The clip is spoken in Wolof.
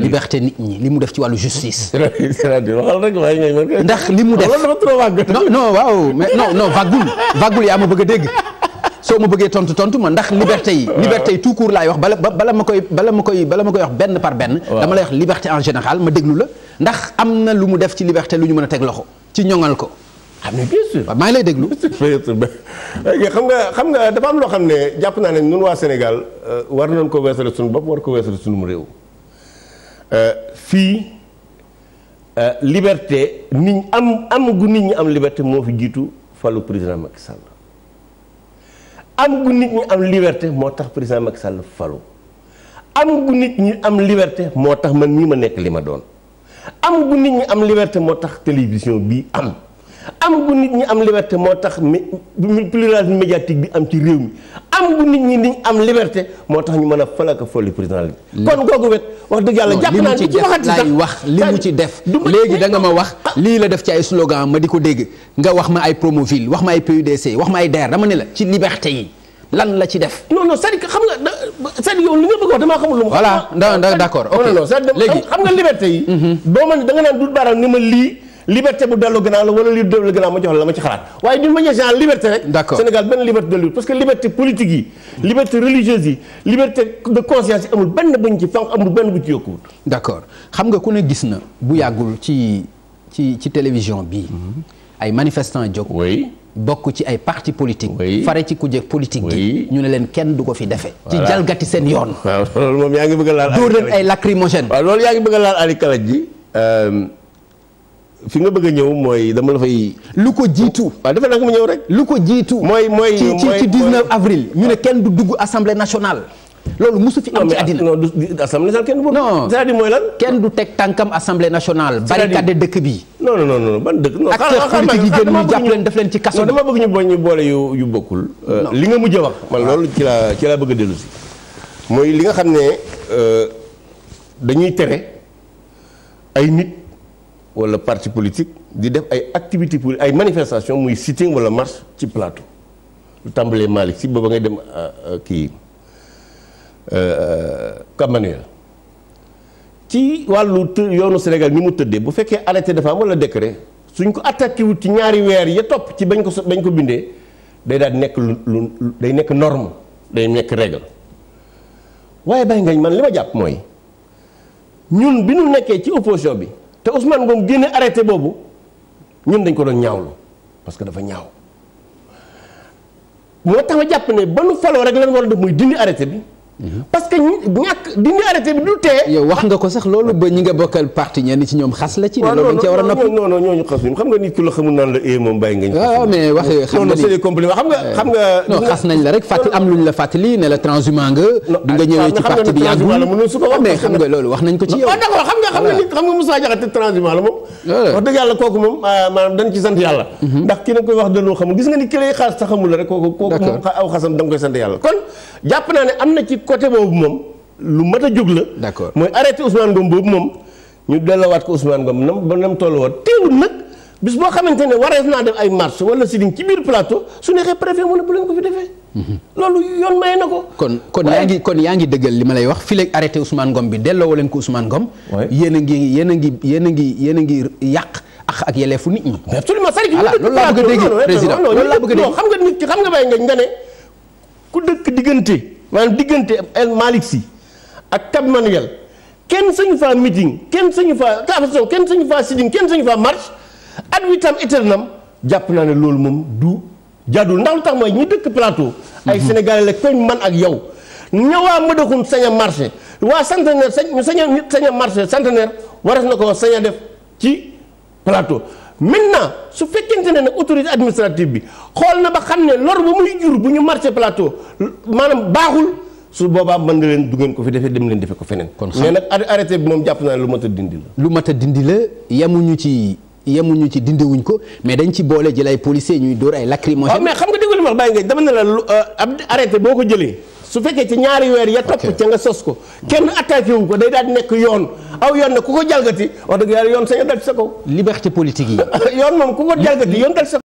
liberté nit ñi li mu def ci wàllu justice. cest à ndax li mu def loolu dafa trop vague. non non waaw mais non non yaa ma bëgg a dégg soo ma bëggee tontu tontu ma ndax liberté yi. liberté yi tout court laay wax bala bala ma koy bala ma koy bala ma koy wax benn par benn. dama lay wax liberté en général ma déglu la ndax am na lu mu def ci liberté lu ñu mën a teg loxo ci ñoŋal ko. ah mais bien sûr waaw maa ngi lay déglu. xam nga xam nga dafa am loo xam ne jàpp naa ne ñun waa Sénégal euh, war nañ ko weesale suñu bopp war ko suñu réew. Euh, fii euh, liberté nit am am gu nit ñi am liberté moo jiitu falu président Macky Sall am gu nit am liberté moo tax président Macky Sall falu am gu nit ñi am liberté moo tax man mii ma nekk li ma doon am gu nit ñi am liberté moo tax télévision bii am am bu nit ñi am liberté moo tax pluralisme médiatique bi am ci réew mi am bu nit ñi niñ am liberté moo tax ñu mën a falaka folli président la kon googu wet wax dëgg yàlla jàpp naa ci waxati sax wax da nga ma wax ah. lii la def ci ay slogan ma di ko dégg nga wax ma ay promoville wax ma ay PUDC wax ma ay DER dama ne la ci liberté yi lan la ci def. non non c'est-à-dire que xam nga c'est-à-dire yow li nga bëgg wax damaa xamul lu mu. xam nga liberté yi. Mm-hmm. boo ma da nga naan dul baaraam ni ma lii. liberté bu dellu gannaaw la wala li dellu gannaaw ma jox la ma ci xalaat waaye d'une manière générale liberté rek. Sénégal benn liberté de parce que liberté politique yi. liberté religieuse yi liberté de conscience yi amul benn buñ ci fanq amul benn bu ci yokkuwul. d'accord xam nga ku ne gis na bu yàggul ci ci ci télévision bi mhm. ay manifestant jóg. oui bokk ci ay parti politique. oui fare ci kuje politique yi ñu ne leen kenn du ko fi defee. ci jalgati seen yoon. waaw loolu yaa ngi bëgg a laal. ay fi nga bëgg a ñëw mooy dama la fay. lu ko jiitu. waaw defe naa ko mu ñëw rek. lu ko jiitu. mooy mooy ci ci ci 19 avril. ñu ne kenn du dugg assemblée national loolu musu fi am ci àddina non du kenn du. non c'est-à-dire mooy kenn du teg tànkam assemblée nationale. barricade dëkk bi. non non non ban dëkk. non acteurs politiques leen def leen ci kaso. non dama bëgg ñu yu yu bokkul. Euh, li nga mujj a wax. man ah. loolu ci laa ci laa bëgg a dellu li nga xam ne euh, dañuy tere ay nit wala parti politique di def ay activité pour ay manifestation muy sitting wala marche ci plateau lu tàmbalee Malick si booba ngay dem euh, euh, kii euh, Cap Manuel ci wàllu yoonu Sénégal ñi mu tëddee bu fekkee arrêté dafa am wala décret suñ ko attaqué wut ci ñaari weer ya topp ci bañ ko so bañ ko bindee day daal nekk lu lu day nekk norme day nekk règle waaye bàyyi ngañ man li ma jàpp mooy ñun bi ñu nekkee ci opposition bi te Ousmane Ngom génne arrêté boobu ñun dañ ko doon ñaawlu parce que dafa ñaaw moo tax ma jàpp ne ba nu faloo rek lan war a def muy dindi arrêté bi. parce que ñàkk dindi arrêté bi du tee. yow wax nga ko sax loolu ba ñi nga bokkal parti ñenn ci ñoom xas la ci. loolu a noppi eh, ñu. Ah, nga ni ci sant yàlla. Mhm. ndax ki na koy wax dañoo xamul gis nga ni ki lay xaas xamul la rek kooku aw xasam da koy sant yàlla kon jàpp naa ne am na ci côté boobu moom lu mat a jóg la. d'accord mooy arrêté Ousmane Ngom boobu moom ñu dellowaat ko Ousmane Ngom nam ba nam tollu woon teewul nag bis boo xamante ne naa def ay marche wala si ci biir plateau su neexee préfet mu ne bu leen ko fi defee. Mhm. loolu yoon may na ko. kon kon yaa kon yaa ngi dëggal li ma lay wax fii léegi arrêté Ousmane bi delloo leen ko Ousmane Ngom. waay yéen a ngi yéen a ngi yéen a ngi yéen a ngi yàq ak ak yeleefu nit ñi. mais absolument c'est-à-dire que. voilà loolu laa bëgg a dégg président loolu laa bëgg a dégg. non xam nga nit ki xam nga bay nga ne ku dëkk diggante. maanaam diggante El Malick Sy ak Cap Manuel kenn sañu faa meeting kenn sañu faa tabason kenn sañu faa sitting kenn sañu faa marche ad vitam aeternam jàpp naa ne loolu moom du jàddul ndax lu tax mooy ñu dëkk plateau ay mhm. sénégalais la koñ man ak yow ñëwaa mëdaxum sañ a marché waa centenaire sañ ñu sañ a marché centenaire waras na ko sañ a def ci plateau maintenant su fekkente ne nag autorité administrative bi xool na ba xam ne lor ba muy jur bu ñu marché plateau maanaam baaxul su boobaa mën nga leen duggeen ko fi defee dem leen defe ko feneen. kon mais nag arrêté bi moom jàpp naa ne lu mat a dindi la. lu mat a dindi la ci yemuñu ci ko mais dañ ci boole jël ay policiers ñuy dóor ay lacrymogènes. waaw ah, mais xam nga dégg nga li ma wax bàyyi nga dama ne la lu euh, ab arrêté boo ko jëlee. su fekkee ci ñaari weer ya topp ca nga sos ko kenn attaqué wu ko day daal di nekk yoon aw yoon na ku ko jalgati wax dëgg yàlla yoon sañu dal ci sa kaw liberté politique yi yoon moom ku ko jalgati yoon dal ci sa